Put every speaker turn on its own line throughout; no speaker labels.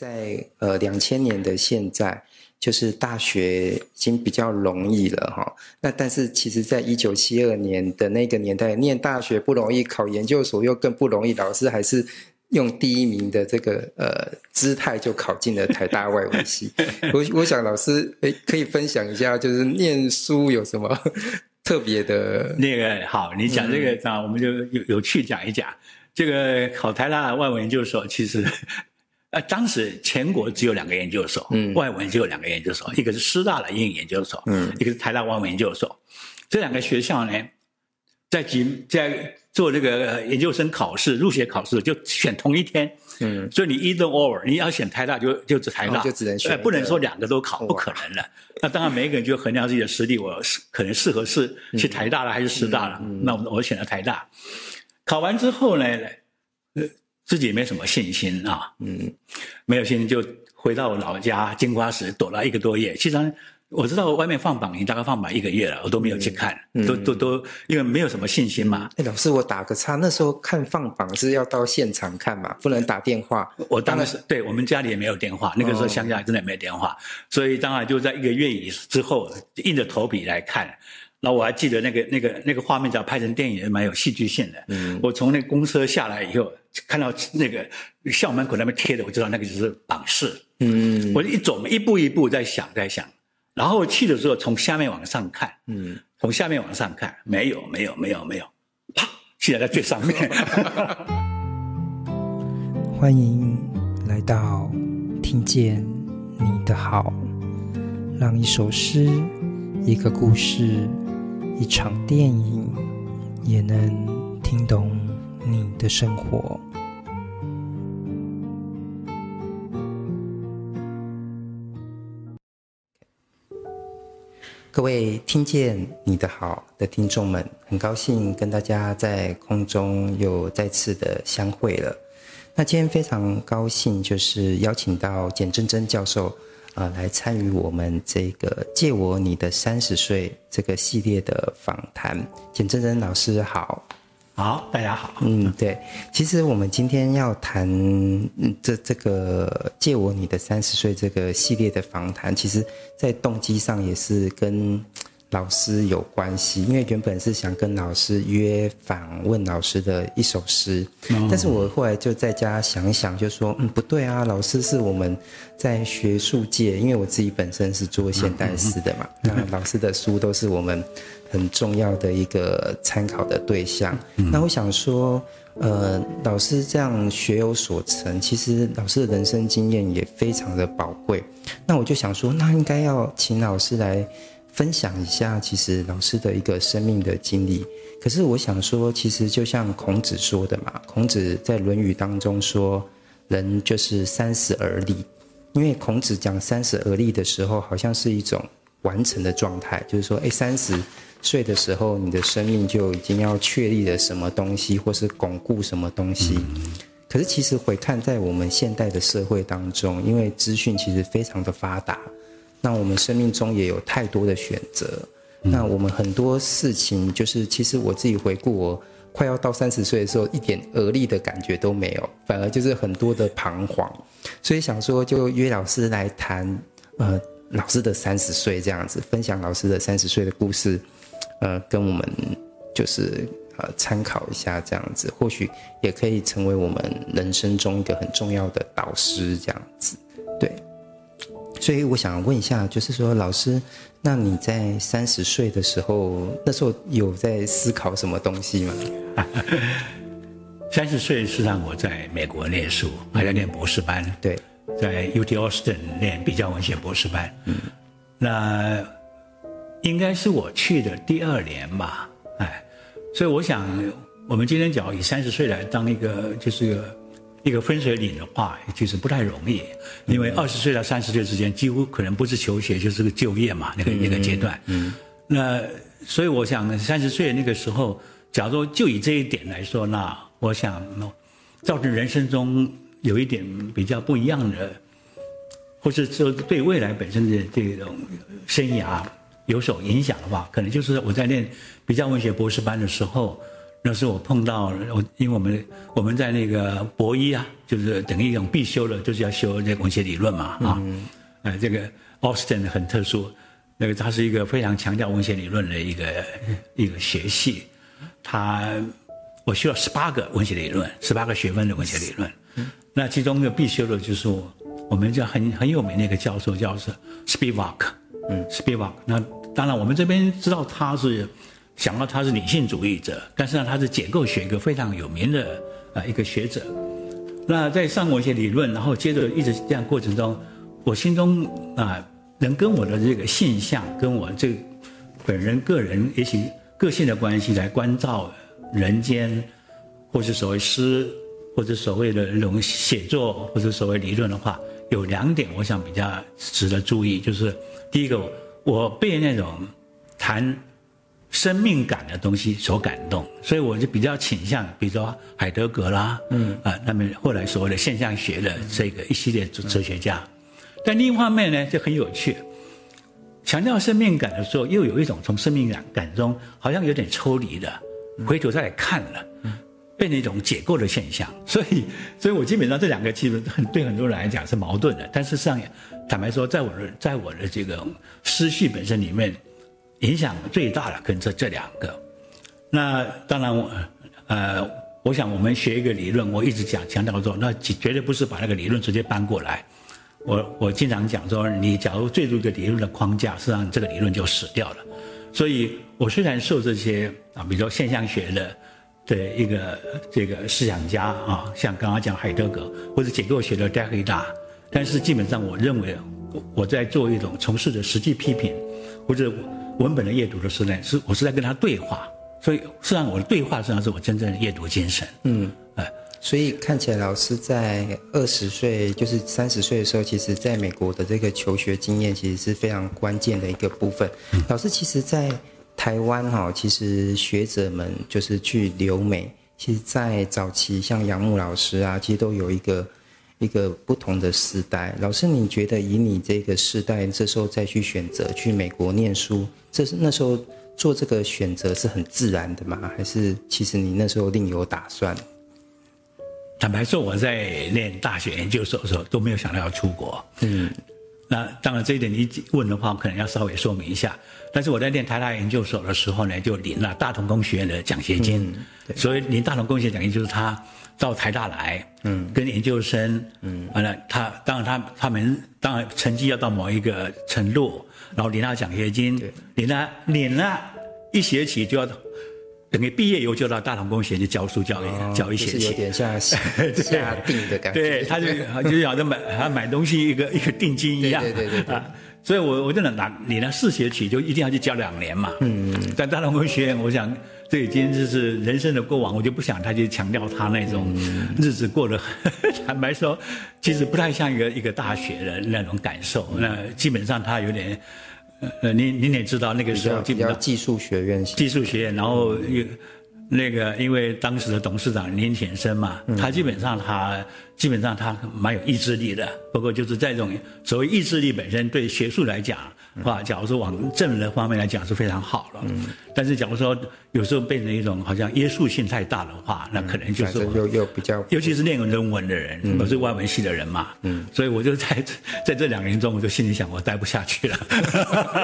在呃兩千年的現在，就是大學已經比較容易了吼。那但是其實，在一九七二年的那個年代，念大學不容易，考研究所又更不容易。老師還是用第一名的這個呃姿態就考進了台大外文系。 我我想老師誒，可以分享一下，就是念書有什麼特別的。那個好，你講這個，嗯、那我們就
有有趣講一講。這個考台大外文研究所，其實。呃，當時全國只有兩個研究所，嗯，外文只有兩個研究所，嗯、一個是師大的英語研究所，嗯，一個是台大外文研究所，這兩個學校呢，在在做這個研究生考試入學考試就選同一天，嗯，所以你 Either or，你要選台大就就只台大，哦、就只能選，不能說兩個都考，or，不可能了。那當然每個人就衡量自己的實力，我可能適合是去台大了還是師大了，嗯、那我我選了台大，嗯嗯、考完之後呢，呃。自己也沒什麼信心啊，嗯，沒有信心就回到老家金瓜石躲了一個多月。其實我知道外面放榜已經大概放榜一個
月了，我都沒有去看，嗯、都都都因為沒有什麼信心嘛、哎。老師，我打個岔，那時候看放榜是要到現場看嘛，不能打電話。我當時、嗯、對我們家裡也沒
有電話，那個時候鄉下真的也沒有電話，哦、所以當然就在一個月以之後硬着頭皮來看。那我還記得那個、那個、那個畫面，只要拍成電影，蠻有戲劇性的。嗯，我從那公車下來以後，看到那個校門口那邊貼的，我知道那個就是榜示。嗯，我一走，一步一步在想，在想。然後去的時候，從下面往上看，嗯，從下面往上看，沒有，沒有，沒有，沒有，啪，現在在最上面。
歡迎來到，聽見你的好，讓一首詩，一個故事。一場電影也能聽懂你的生活。各位聽見你的好的聽眾們，很高興跟大家在空中又再次的相會了。那今天非常高興，就是邀請到簡政珍教授。啊、呃，來參與我們這個“借我你的三十歲”這個系列的訪談，簡政珍老師好，好，大家好。嗯，對，其實我們今天要談、嗯、這這個“借我你的三十歲”這個系列的訪談，其實，在動機上也是跟。老師有關係，因為原本是想跟老師約訪問老師的一首詩，但是我後來就在家想一想，就說嗯，不對啊，老師是我們在學術界，因為我自己本身是做現代詩的嘛，那老師的書都是我們很重要的一個參考的對象。那我想說，呃，老師這樣學有所成，其實老師的人生經驗也非常的寶貴。那我就想說，那應該要請老師來。分享一下，其實老師的一個生命的經歷。可是我想說，其實就像孔子說的嘛，孔子在《論語》當中說，人就是三十而立。因為孔子講三十而立的時候，好像是一種完成的狀態，就是說，哎，三十歲的時候，你的生命就已經要確立了什麼東西，或是鞏固什麼東西。可是其實回看在我們現代的社會當中，因為資訊其實非常的發達。那我們生命中也有太多的選擇，那我們很多事情就是，其實我自己回顧，我快要到三十歲的時候，一點而立的感覺都沒有，反而就是很多的彷徨，所以想說就約老師來談，呃，老師的三十歲這樣子，分享老師的三十歲的故事，呃，跟我們就是呃參考一下這樣子，或許也可以成為我們人生中一個很重要的導師這樣子，對。所以我想問一下，就是說，老師，那你在三十歲的時候，那時候有在思考什麼東西嗎？三十歲是讓我在美國念書，還在念博士班。對，
在 UT Austin 念比較文學博士班。嗯，那應該是我去的第二年吧？哎，所以我想，我們今天講以三十歲來當一個，就是一個。一個分水嶺的話，其實不太容易，因為二十歲到三十歲之間，幾乎可能不是求學就是個就業嘛，那個那個階段。嗯嗯，那所以我想，三十歲那個時候，假如說就以這一點來說，那我想，造成人生中有一點比較不一樣的，或是說對未來本身的這種生涯有所影響的話，可能就是我在念比較文學博士班的時候。那是我碰到我，因為我們我們在那個博一啊，就是等於一種必修的，就是要修這文學理論嘛，啊，哎，這個 Austin 很特殊，那個他是一個非常強調文學理論的一個一個學系，他，我需要十八個文學理論，十八個學分的文學理論，那其中的必修的，就是我們叫很很有名的一個教授，叫是 Spivak，嗯，Spivak，那當然我們這邊知道他是。想到他是理性主義者，但是呢，他是解構學一個非常有名的啊一個學者。那在上過一些理論，然後接着一直這樣過程中，我心中啊能跟我的這個現象，跟我這個本人個人也許個性的關係來關照人間，或是所謂詩，或者所謂的那種寫作，或者所謂理論的話，有兩點我想比較值得注意，就是第一個，我被那種談，生命感的東西所感動，所以我就比較傾向，比如說海德格拉，嗯，啊，那麼後來所謂的現象學的這個一系列哲哲學家。但另一方面呢，就很有趣，強調生命感的時候，又有一種從生命感感中好像有點抽離的，回頭再來看了，嗯，變成一種解構的現象。所以，所以我基本上這兩個其實很對很多人來講是矛盾的。但是實際上坦白說，在我的在我的這個思緒本身裡面。影響最大的可能是這兩個，那當然我，呃，我想我們學一個理論，我一直講強調說，那絕對不是把那個理論直接搬過來。我我經常講說，你假如墜入一個理論的框架，實際上這個理論就死掉了。所以，我雖然受這些啊，比如說現象學的的一個這個思想家啊，像剛剛講海德格或者解構學的德希達，但是基本上我認為，我在做一種從事的實際批評，或者。文本的閱讀的時代是我是在跟他對話，所以實際上我的對話實際上是我真正的閱讀精神。嗯，哎，
所以看起來老師在二十歲，就是三十歲的時候，其實在美國的這個求學經驗，其實是非常關鍵的一個部分。老師其實在台灣哈，其實學者們就是去留美，其實在早期像楊牧老師啊，其實都有一個一個不同的時代。老師，你覺得以你這個時代，這時候再去選擇去美國念書？這是那時候做這個選擇是很自然的嗎？還是其實你那時候另有打算？坦白說，我在念大學研究所的時候都沒有想到要
出國。嗯。那當然，這一點你問的話，我可能要稍微說明一下。但是我在念台大研究所的時候呢，就領了大同工學院的獎學金。嗯，對。所以領大同工學院獎學金，就是他到台大來，嗯，跟研究生，嗯，完了他當然他他們當然成績要到某一個程度。然後領到獎學金，領了領了一學期就要，等於畢業以後就到大同工學院去教書
教育、哦、教一學期，下定的感覺。對，他就就
好像買 他買東西一個一個定金一樣，對對對，對，對啊！所以我我就想拿領了四學期就一定要去教兩年嘛。嗯，在大同工學院我想。對，今天就是人生的過往，我就不想他去強調他那種日子過得很、嗯、坦白說，其實不太像一個一個大學的那種感受。嗯、那基本上他有點，呃，您您也知道那個時候基本上叫技術學院，技術學院。然後又、嗯、那個，因為當時的董事長林顯生嘛，他基本上他、嗯、基本上他蠻有意志力的。不過就是在這種所謂意志力本身對學術來講。哇，假如說往正的方面來講，是非常好了。嗯。但是假如說有時候變成一種好像約束性太大的話，嗯、那可能就是、嗯、又又比較，尤其是念人文，文，文的人，我、嗯、是外文系的人嘛。嗯。所以我就在在這兩年中，我就心裡想，我待不下去
了，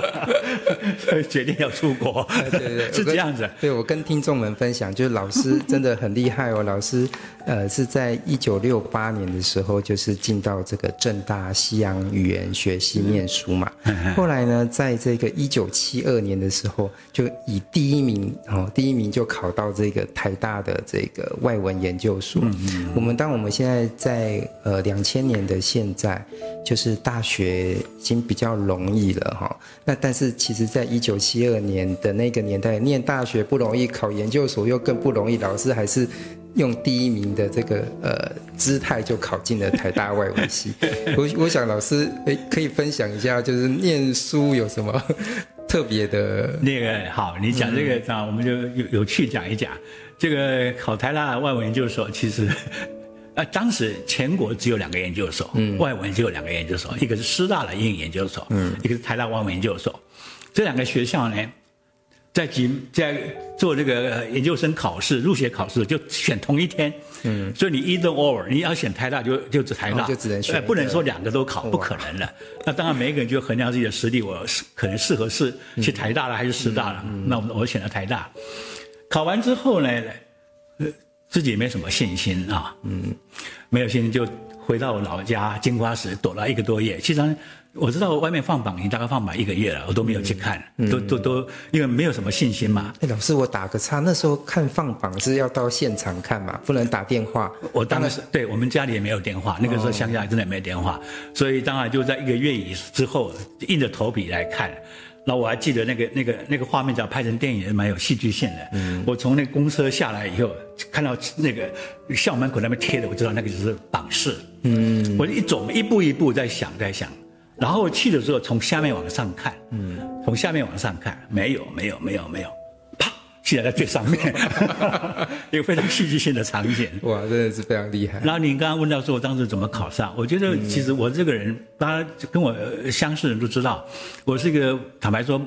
所以決定要出國。對對，是這樣
子。對，對，對，我，跟對我跟聽眾們分享，就是老師真的很厲害哦。老師，呃，是在一九六八年的時候，就是進到這個政大西洋語言學系念書嘛，後來。在這個一九七二年的時候，就以第一名，哦，第一名就考到這個台大的這個外文研究所。嗯嗯嗯。我們當我們現在在呃兩千年的現在，就是大學已經比較容易了，哈。那但是其實，在一九七二年的那個年代，念大學不容易，考研究所又更不容易，老師還是。用第一名的這個呃姿態，就考進了台大外文系。 我我想老師哎，可以分享一下，就是念書有什麼特別的？那個好，你講這個，啊、嗯，我們就有有趣講一講。這個考台大
外文研究所，其實啊當時全國只有兩個研究所，嗯，外文只有兩個研究所，一個是師大的英語研究所，嗯，一個是台大外文研究所，這兩個學校呢，在幾在做這個研究生考試入學考試，就選同一天。嗯，所以你 either or 你要選台大就就只台大，哦、就只能選，不能說兩個都考，or. 不可能了。那當然，每一個人就衡量自己的實力，我可能適合是去台大了還是師大了。嗯嗯嗯、那我選了台大。考完之後呢，呃，自己也沒什麼信心啊。嗯，沒有信心就回到老家金瓜石躲了一個多月。其實。我知道外面放榜，已經大概放榜一個月了，我都沒有去看，嗯嗯、都都都，
因為沒有什麼信心嘛、欸。老師，我打個岔，那時候看放榜是要到現場看嘛？不能打電話。
我當時，時對，我們家裡也沒有電話，那個時候鄉下真的也沒有電話，哦、所以當然就在一個月以之後，硬着頭皮來看。然後我還記得那個那個那個畫面，只要拍成電影，蠻有戲劇性的。嗯、我從那公車下來以後，看到那個校門口那邊貼的，我知道那個就是榜示。嗯，我一走一步一步在想，在想。然後去的時候，從下面往上看，嗯，從下面往上看，沒有，沒有，沒有，沒有，啪，現在在最上面，哈哈，一個非常戲劇性的場景。哇，真的是非常厲害。然後你剛剛問到說，我當時怎麼考上？我覺得其實我這個人，嗯、大家跟我相識的人都知道，我是一個坦白說，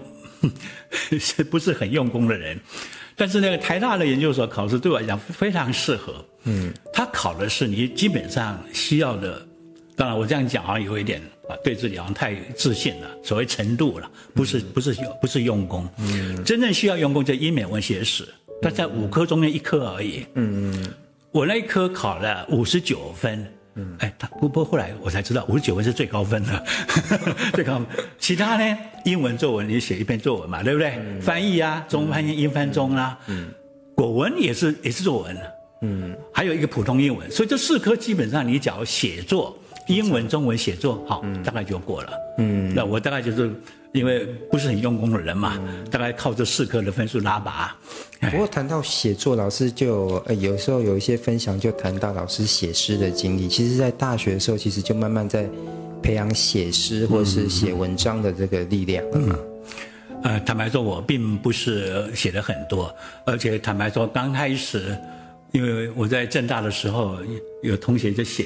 是 不是很用功的人？但是那個台大的研究所考試對我來講非常適合。嗯，它考的是你基本上需要的。當然，我這樣講好像有一點。嗯對自己好像太自信了，所謂程度了，不是不是有不是用功，mm hmm. 真正需要用功就英美文學史，它、mm hmm. 在五科中的一科而已。嗯、mm，hmm. 我那一科考了五十九分，嗯、mm，hmm. 哎，他不不，不，後來我才知道五十九分是最高分了，mm hmm. 最高分。其他呢，英文作文你寫一篇作文嘛，對不對？Mm hmm. 翻譯啊，中文翻譯，英翻中啦、啊，嗯、mm，古、hmm. 文也是也是作文，嗯、mm，hmm. 還有一個普通英文，所以這四科基本上你只要寫作。英文、中文寫作好，嗯、大概就過
了。嗯，那
我大概就是因為不是很用功的人嘛，嗯、大概靠這四科的分數拉拔。
不過談到寫作，老師就呃有，有時候有一些分享，就談到老師寫詩的經歷。其實，在大學的時候，其實就慢慢在培養寫詩或者是寫文章的這個力量了嘛嗯。
嗯，呃，坦白說，我並不是寫的很多，而且坦白說，剛開始，因為我在政大的時候，有同學就寫。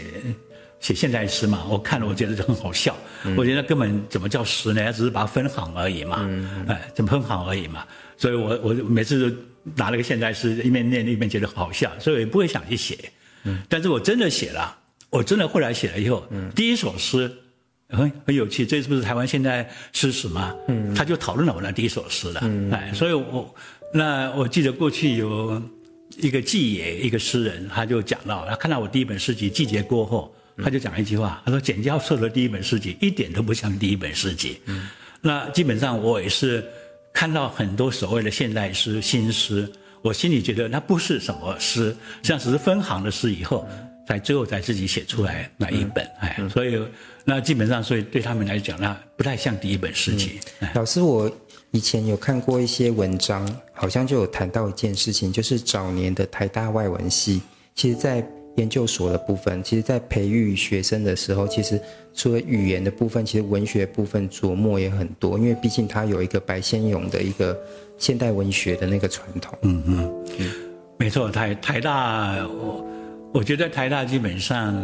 寫現代詩嘛，我看了我覺得就很好笑，嗯、我覺得根本怎麼叫詩呢？只是把它分行而已嘛，嗯、哎，怎麼分行而已嘛？所以我，我我每次都拿了個現代詩，一邊念一邊覺得很好笑，所以我也不會想去寫。嗯、但是我真的寫了，我真的後來寫了以後，嗯、第一首詩很、嗯、很有趣，這是不是臺灣現在詩史嘛？嗯、他就討論了我的第一首詩了，嗯、哎，所以我那我記得過去有一個季野，一個詩人，他就講到他看到我第一本詩集《季節過後》。他就講一句話，他說：“簡教授的第一本詩集一點都不像第一本詩集。”嗯，那基本上我也是看到很多所謂的現代詩、新詩，我心裡覺得那不是什麼詩，像只是分行的詩以後，才最後才自己寫出來那一本，嗯嗯、所以那基本上，所以對他們來講，那不太像第一本詩集。嗯。
老師，我以前有看過一些文章，好像就有談到一件事情，就是早年的台大外文系，其實在。研究所的部分，其實，在培育學生的時候，其實除了語言的部分，其實文學部分琢磨也很多。因為畢竟它有一個白先勇的一個現代文學的那個傳統。嗯哼。嗯嗯，
沒錯，台台大，我我覺得台大基本上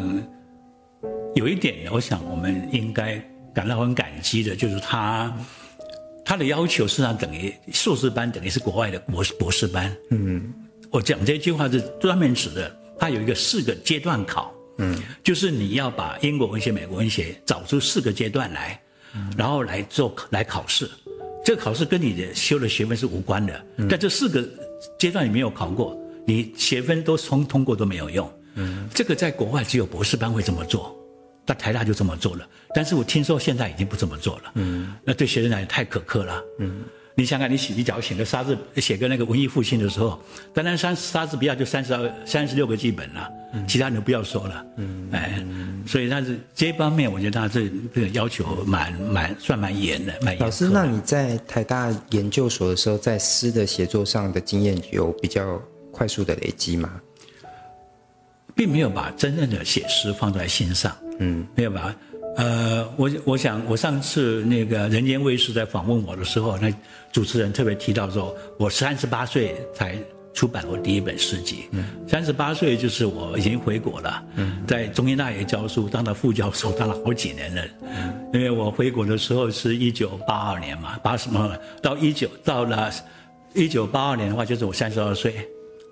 有一點，我想我們應該感到很感激的，就是他他的要求實際上等於碩士班，等於是國外的博博士班。嗯哼，我講這句話是專門指的。它有一個四個階段考，嗯，就是你要把英國文學、美國文學找出四個階段來，嗯，然後來做來考試。這個考試跟你的修的學分是無關的，但這四個階段你沒有考過，你學分都通通過都沒有用。嗯，這個在國外只有博士班會這麼做，但台大就這麼做了。但是我聽說現在已經不這麼做了。嗯，那對學生來講太苛刻了。嗯。你想想，你洗你腳寫個莎士，寫個那個文藝復興的時候，當然莎莎士比亞就三十二三十六個劇本了，嗯、其他你不要說了。嗯，嗯哎，所以但是這一方面，我覺得他這個要求蠻蠻，蠻算蠻嚴的，
嚴的。老師，那你在台大研究所的時候，在詩的寫作上的經驗有比較快速的累積嗎？
並沒有把真正的寫詩放在心上，嗯，沒有把。呃，我我想，我上次那個人間衛視在訪問我的時候，那主持人特別提到說，我三十八歲才出版我第一本詩集。嗯，三十八歲就是我已經回國了，在中興大學教書，當了副教授，當了好幾年了。嗯，因為我回國的時候是一九八二年嘛，八什麼到一九到了一九八二年的話，就是我三十二歲。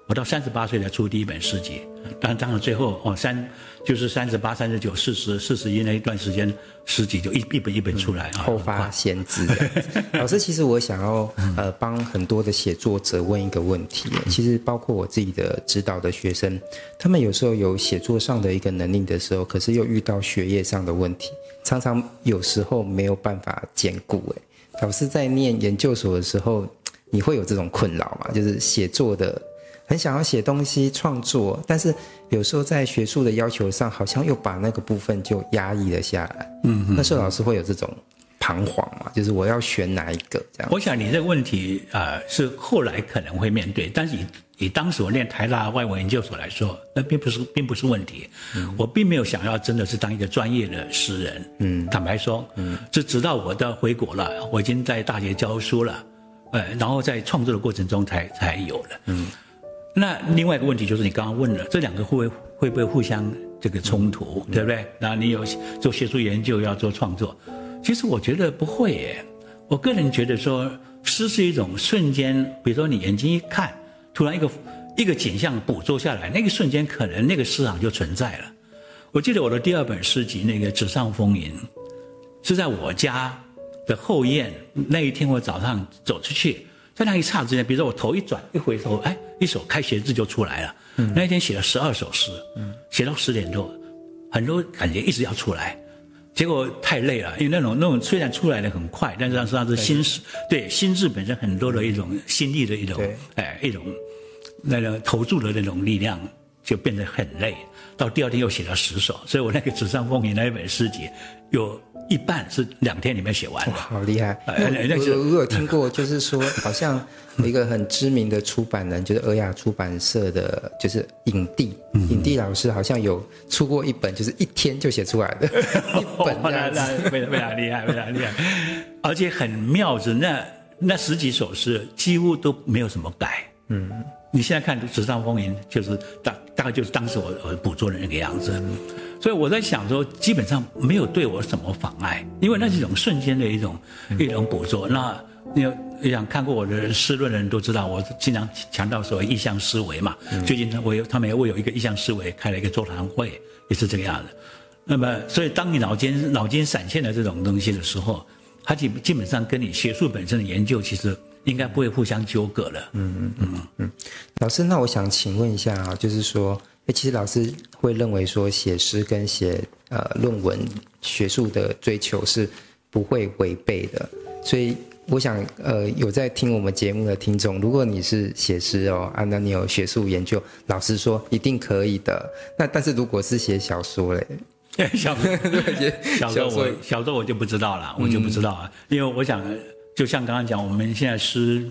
我到三十八歲才出第一本詩集，當然，當然，最後哦，三就是三十八、三十九、四十、四十一，那一段時間，
詩集就一一本一本出來。嗯、後發先至， 老師，其實我想要呃幫很多的寫作者問一個問題，嗯、其實包括我自己的指導的學生，他們有時候有寫作上的一個能力的時候，可是又遇到學業上的問題，常常有時候沒有辦法兼顧。誒老師在念研究所的時候，你會有這種困擾嗎？就是寫作的。很想要寫東西創作，但是有時候在學術的要求上，好像又把那個部分就壓抑了下來。嗯哼，那時候老師會有這種彷徨嘛？就是我要選哪一個這樣？
我想你這個問題，呃，是後來可能會面對，但是以以當時我念台大外文研究所來說，那並不是並不是問題。嗯，我並沒有想要真的是當一個專業的詩人。嗯，坦白說，嗯，就直到我到回國了，我已經在大學教書了，呃，然後在創作的過程中才才有了。嗯。那另外一個問題就是，你剛剛問了，這兩個會不會會不會互相這個衝突，對不對？那你有做學術研究，要做創作，其實我覺得不會耶。我個人覺得說，詩是一種瞬間，比如說你眼睛一看，突然一個一個景象捕捉下來，那個瞬間可能那個詩啊就存在了。我記得我的第二本詩集那個《紙上風雲》，是在我家的後院，那一天我早上走出去。在那一剎之間，比如說我頭一轉一回頭，哎，一首開寫字就出來了。嗯、那一天寫了十二首詩，寫到十點多，很多感覺一直要出來，結果太累了。因為那種那種雖然出來的很快，但是它是心事，對心智本身很多的一種心力的一種，對哎，一種那個投注的那種力量就變得很累。到第二天又寫了十首，所以我那個《紙上風雲》那一本詩集有。一半是兩天裡面寫完哇，好厲害！哎就是、我，我有
聽過，就是說，好像一個很知名的出版人，就是爾雅出版社的，就是影帝，嗯、影帝老師好像有出過一本，就是一天就寫出來的，哈哈， 非常厲害，厲害，厲害，
而且很妙是，那那十幾首詩幾乎都沒有什麼改，嗯。你現在看《紙上風雲》，就是大大概，就是當時我我捕捉的那個樣子，所以我在想說，基本上沒有對我什麼妨礙，因為那是一種瞬間的一種一種捕捉。那你要想看過我的詩論的人都知道，我經常強調所謂意象思維嘛。最近呢，我有，他們也會有一個意象思維開了一個座談會，也是這個樣子。那麼，所以當你腦筋腦筋閃現了這種東西的時候，他基基本上跟你學術本身的研究其實。應該不會互相糾葛了。
嗯嗯嗯嗯老師，那我想請問一下啊，就是說，其實老師會認為說寫詩跟寫呃論文學術的追求是不會違背的。所以我想呃，有在聽我們節目的聽眾，如果你是寫詩哦，按照你有學術研究，老師說一定可以的。那但是如果是寫小說嘞，小說小說，我
小說我就不知道了，我就不知道啊，因為我想。就像剛剛講，我們現在詩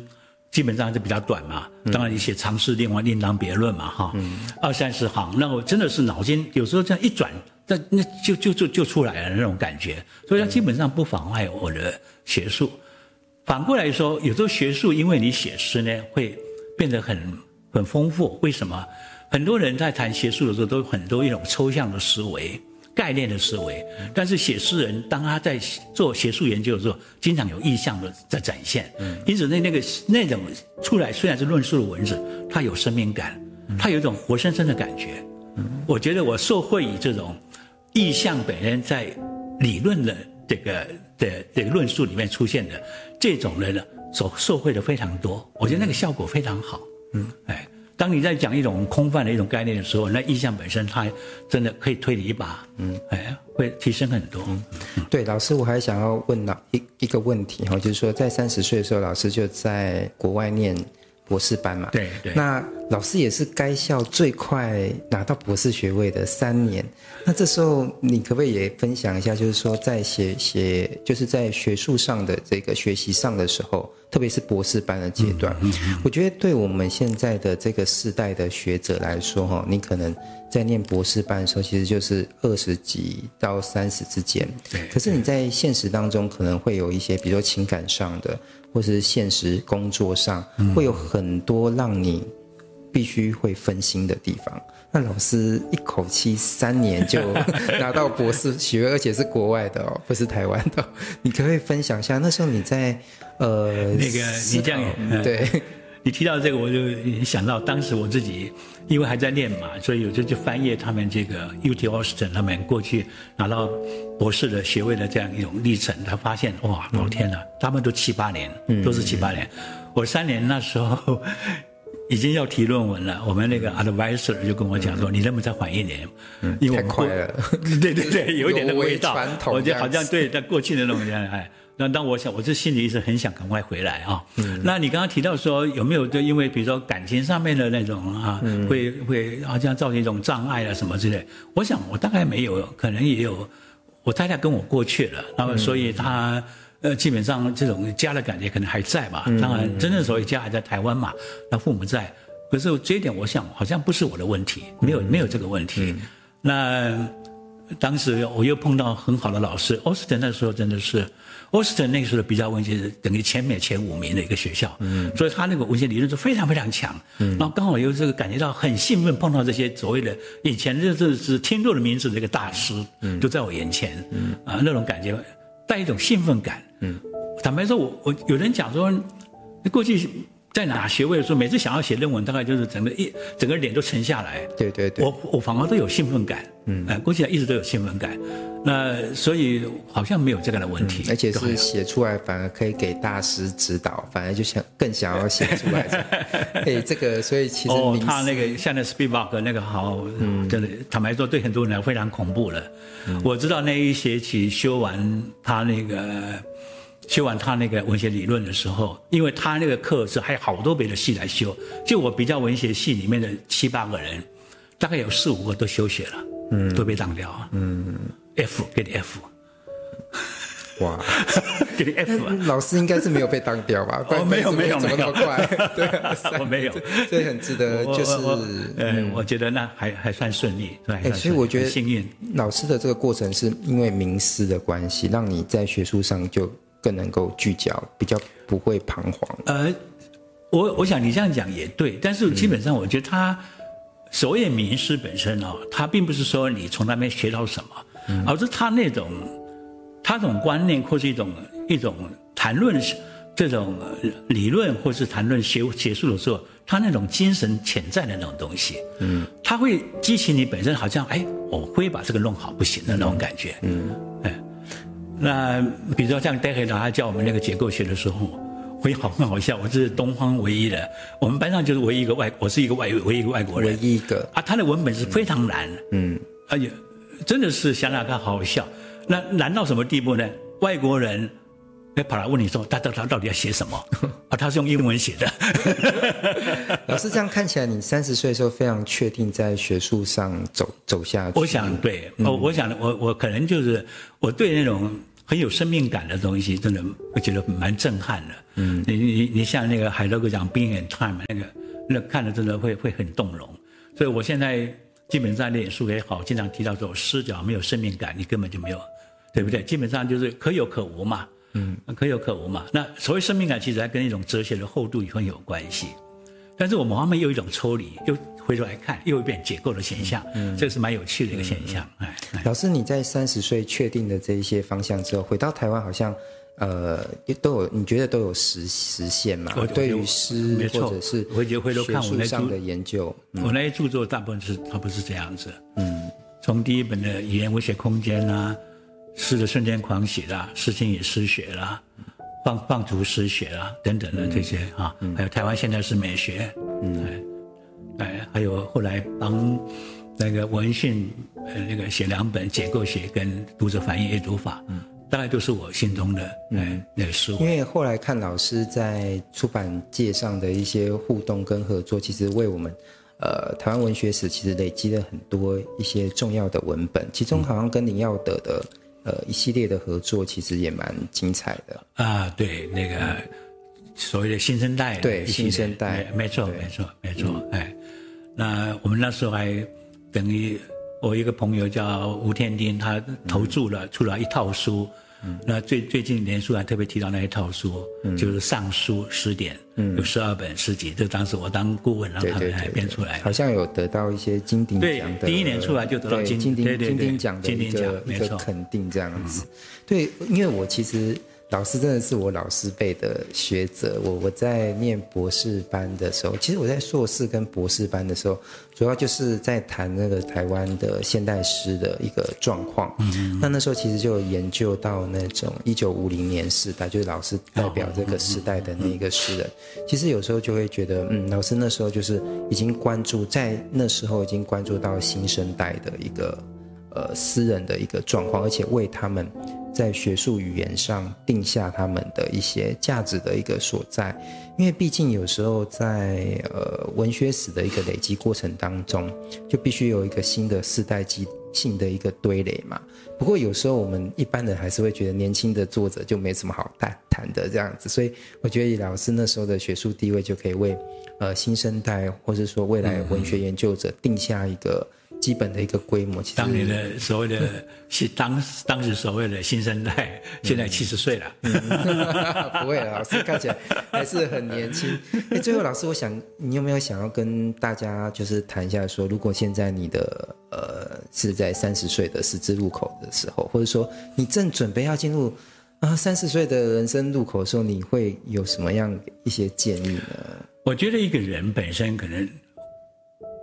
基本上就比較短嘛，當然你寫長詩另外另當別論嘛，哈，二三十行，那我真的是腦筋有時候這樣一轉，那那就就就就出來了那種感覺，所以它基本上不妨礙我的學術。反過來說，有時候學術因為你寫詩呢，會變得很很豐富。為什麼？很多人在談學術的時候，都有很多一種抽象的思維。概念的思維，但是寫詩人當他在做學術研究的時候，經常有意象的在展現，因此那那個那種出來雖然是論述的文字，他有生命感，他有一種活生生的感覺。我覺得我受惠於這種意象本身在理論的這個的這個論述裡面出現的這種人呢，所受惠的非常多。我覺得那個效果非常好，嗯，哎。當你在講一種空泛的一種概念的
時候，那意象本身它真的可以推你一把，嗯，哎呀，會提升很多。嗯，對，老師，我還想要問老一一個問題哈，就是說，在三十歲的時候，老師就在國外念。博士班嘛，對，對，那老師也是該校最快拿到博士學位的三年。那這時候你可不可以也分享一下，就是說在學學，就是在學術上的這個學習上的時候，特別是博士班的階段，嗯嗯嗯、我覺得對我們現在的這個世代的學者來說，哈，你可能在念博士班的時候，其實就是二十幾到三十之間。可是你在現實當中可能會有一些，比如說情感上的。或是現實工作上，嗯、會有很多讓你必須會分心的地方。那老師一口氣三年就 拿到博士學，而且是國外的哦，不是台灣的哦。你可不可以分享一下那時候你在呃那個你這樣道？嗯、對。
你提到這個，我就想到當時我自己，因為還在念嘛，所以有時候就翻閱他們這個 UT Austin 他們過去拿到博士的學位的這樣一種歷程，他發現哇，老天吶，他們都七八年，都是七八年。我三年那時候已經要提論文了，我們那個 advisor 就跟我講說，你能不能再緩一年？嗯，太快了，對對對，對，有一點的味道，我覺得好像對在過去的那種戀哎。那當我想，我這心裡一直很想趕快回來啊。那你剛剛提到說有沒有，就因為比如說感情上面的那種啊，會會好像造成一種障礙啊什麼之類？我想我大概沒有，可能也有，我太太跟我過去了，那麼所以他呃，基本上這種家的感覺可能還在吧。當然，真正所謂家還在台灣嘛，那父母在，可是這一點我想好像不是我的問題，沒有沒有這個問題。那。當時我又碰到很好的老師，奧斯汀那時候真的是，奧斯汀那個時候的比較文學是等於前面前五名的一個學校，嗯，所以他那個文學理論是非常非常強，嗯，然後剛好又這個感覺到很興奮，碰到這些所謂的以前就是是聽過的名字這個大師，嗯，就在我眼前，嗯，啊，那種感覺帶一種興奮感，
嗯，
坦白說，我我有人講說，過去。在哪學位的時候，每次想要寫論文，大概就是整個一整個臉都沉下來。對對對，我我反而都有興奮感。嗯，哎、欸，過去一直都有興奮感。那所以好像沒有這樣的
問題，嗯，而且是寫出來、啊、反而可以給大師指導，反而就想更想要寫出來。對、 欸、這個，所以其實哦，他那
個像那 s p e e d o a k 那個好，嗯，真的坦白說，對很多人來非常恐怖了。嗯，我知道那一學期修完他那個。修完他那個文學理論的時候，因為他那個課是還有好多別的系來修，就我比較文學系裡面的七八個人，大概有四五個都休學了，嗯，都被當掉了，嗯，F 給你 F，
哇， 給你 F 啊！老師應該是沒有被當掉吧？哦，沒有沒有怎麼那麼快？對、oh,，沒有沒有 我沒有， 所以很值得，就是我我我嗯，嗯我覺得那
還還算順利，還算，幸運。
老師的這個過程是因為名師的關係，讓你在學術上就。更能夠聚焦，比較不會彷徨。
呃，我我想你這樣講也對，嗯、但是基本上我覺得他所謂名師本身哦，他並不是說你從那邊學到什麼，嗯、而是他那種他這種觀念或是一種一種談論這種理論，或是談論學學術的時候，他那種精神潛在的那種東西，嗯，他會激起你本身好像哎、欸，我會把這個弄好不行的那種感覺，嗯，哎、嗯。那比如說像戴黑老他教我們那個結構學的時候，我也好很好笑。我是東方唯一的，我們班上就是唯一一個外，我是一個外，唯一一個外國人。唯一一個啊，他的文本是非常難，嗯，而且真的是想想他好好笑。那難到什麼地步呢？外國人。還跑來問你說他他，他到底要寫什麼啊？他是用英文寫的。
老師這樣看起來，你三十歲的時候非常確定在學術上走走下去。我想對，嗯、我我想我我可能就是我對那種
很有生命感的東西，真的我覺得蠻震撼的。嗯，你你你像那個海德格講《Being and Time》那個，那個、看了真的會會很動容。所以我現在基本上臉書也好，我經常提到說我視角沒有生命感，你根本就沒有，對不對？基本上就是可有可無嘛。嗯，可有可無嘛？那所謂生命感，其實還跟一種哲學的厚度也很有關係。但是我們後面又一種抽離，又回頭來看，又一遍解構的現象，嗯、這是蠻有趣的一個現象。嗯、哎，
哎老師，你在三十歲確定的這一些方向之後，回到台灣，好像呃也都有，你覺得都有實實現嗎？我對於詩，錯或者是回頭看，我那學術上的研究，我，我那
些著、嗯、著作大部分是它不是這樣子。嗯，嗯從第一本的語言文學空間啊。詩的瞬間狂喜啦，詩經也失血啦，放放逐失血啦，等等的這些啊，嗯嗯、還有台灣現在是美學，嗯，哎，還有後來幫那個文訊，呃，那個寫兩本解構學跟讀者反應閱讀法，嗯，當然都是我心中的、嗯、哎、那那個、書。
因為後來看老師在出版界上的一些互動跟合作，其實為我們，呃，台灣文學史其實累積了很多一些重要的文本，其中好像跟林耀德的、嗯。呃，一系列的合作其實也蠻精彩的
啊，對那個、嗯、所謂的新生代，對新生代，沒錯，沒錯，沒錯、嗯，哎，那我們那時候還等於我一個朋友叫吳天丁，他投注了、嗯、出了一套書。嗯、那最最近連書還特別提到那一套書，嗯、就是《尚書十典》
嗯，有十二本詩集。這當時我當顧問，讓他們來編出來對對對對對，好像有得到一些金鼎獎，對，第一年出來就得到金鼎金鼎獎的沒錯，對對對，肯定這樣子。錯對，因為我其實。老師真的是我老師輩的學者。我我在念博士班的時候，其實我在碩士跟博士班的時候，主要就是在談那個台灣的現代詩的一個狀況。嗯嗯那那時候其實就有研究到那種一九五零年時代，就是老師代表這個時代的那一個詩人。嗯嗯嗯嗯嗯其實有時候就會覺得，嗯，老師那時候就是已經關注，在那時候已經關注到新生代的一個。呃，私人的一個狀況，而且為他們在學術語言上定下他們的一些價值的一個所在，因為畢竟有時候在呃文學史的一個累積過程當中，就必須有一個新的世代級性的一個堆壘嘛。不過有時候我們一般人還是會覺得年輕的作者就沒什麼好談談的這樣子，所以我覺得以老師那時候的學術地位，就可以為呃新生代或者說未來文學研究者定下一個。基本的一個規模，其實當年的所謂的
是、嗯、當當
時所謂的新生代，嗯、現在七十歲了，嗯、 不會了，老師看起來還是很年輕。哎，最後老師，我想你有沒有想要跟大家就是談一下說，說如果現在你的呃是在三十歲的十字路口的時候，或者說你正準備要進入啊三十歲的人生路口的時候，你會有什麼樣一些建議呢？
我覺得一個人本身可能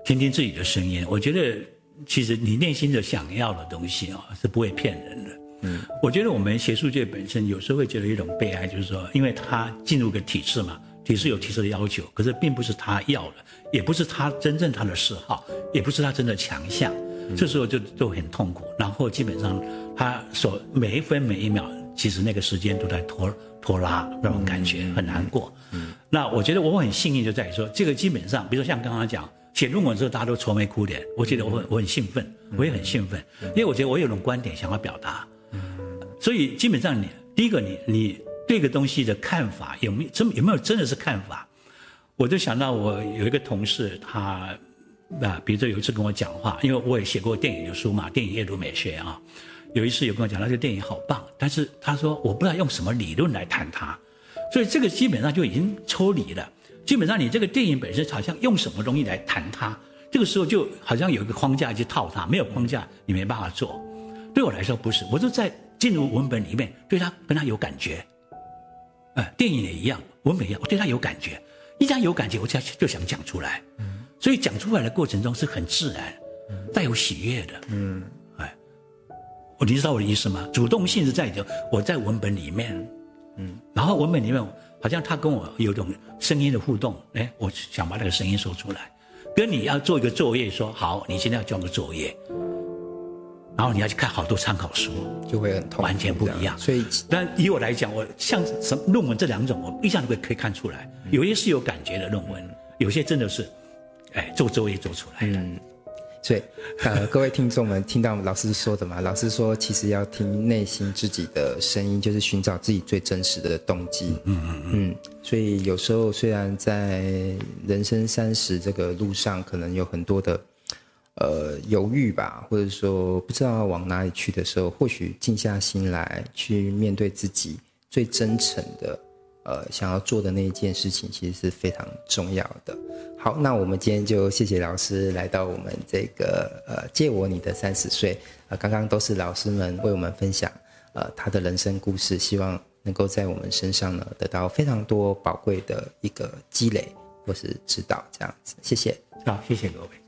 聽聽自己的聲音，我覺得。其實你內心的想要的東西啊，是不會騙人的。嗯，我覺得我們學術界本身有時候會覺得一種悲哀，就是說，因為他進入個體制嘛，體制有體制的要求，可是並不是他要的，也不是他真正他的嗜好，也不是他真的強項。嗯，這時候就就很痛苦，然後基本上他所每一分每一秒，其實那個時間都在拖拖拉，那種感覺很難過。嗯，那我覺得我很幸運就在於說，這個基本上，比如說像剛剛講。寫論文的時候，大家都愁眉苦臉。我覺得我很我很興奮，我也很興奮，因為我覺得我有一種觀點想要表達。所以基本上，你第一個，你你對個東西的看法有沒有真有沒有真的是看法？我就想到我有一個同事，他啊，比如說有一次跟我講話，因為我也寫過電影的書嘛，《電影閱讀美學》啊，有一次有跟我講，他說這電影好棒，但是他說我不知道用什麼理論來談它，所以這個基本上就已經抽離了。基本上，你這個電影本身好像用什麼東西來談它，這個時候就好像有一個框架去套它，沒有框架你沒辦法做。對我來說不是，我就在進入文本裡面，對它跟它有感覺。哎，電影也一樣，文本一樣，我對它有感覺，一旦有感覺，我就就想講出來。所以講出來的過程中是很自然，帶有喜悅的。嗯，哎，我你知道我的意思嗎？主動性是在你的，我在文本裡面，嗯，然後文本裡面。好像他跟我有種聲音的互動，誒、欸、我想把那個聲音說出來，跟你要做一個作業說，說好，你現在要交個作業，然後你要去看好多參考書，就會很完全不一樣。所以，但以我來講，我像什麼論文這兩種，我一向都會可以看出來，嗯、有些是
有感覺的論文，有些真的是，誒、欸、做作業做出來的。嗯。所以，呃，各位聽眾們聽到老師說的嘛，老師說其實要聽內心自己的聲音，就是尋找自己最真實的動機。嗯嗯嗯。所以有時候雖然在人生三十這個路上，可能有很多的，呃，猶豫吧，或者說不知道往哪裡去的時候，或許靜下心來去面對自己最真誠的。呃，想要做的那一件事情其實是非常重要的。好，那我們今天就謝謝老師來到我們這個呃，借我你的三十歲啊，呃，剛剛都是老師們為我們分享呃他的人生故事，希望能夠在我們身上呢得到非常多寶貴的一個積累或是指導，這樣子，謝謝，好，謝謝各位。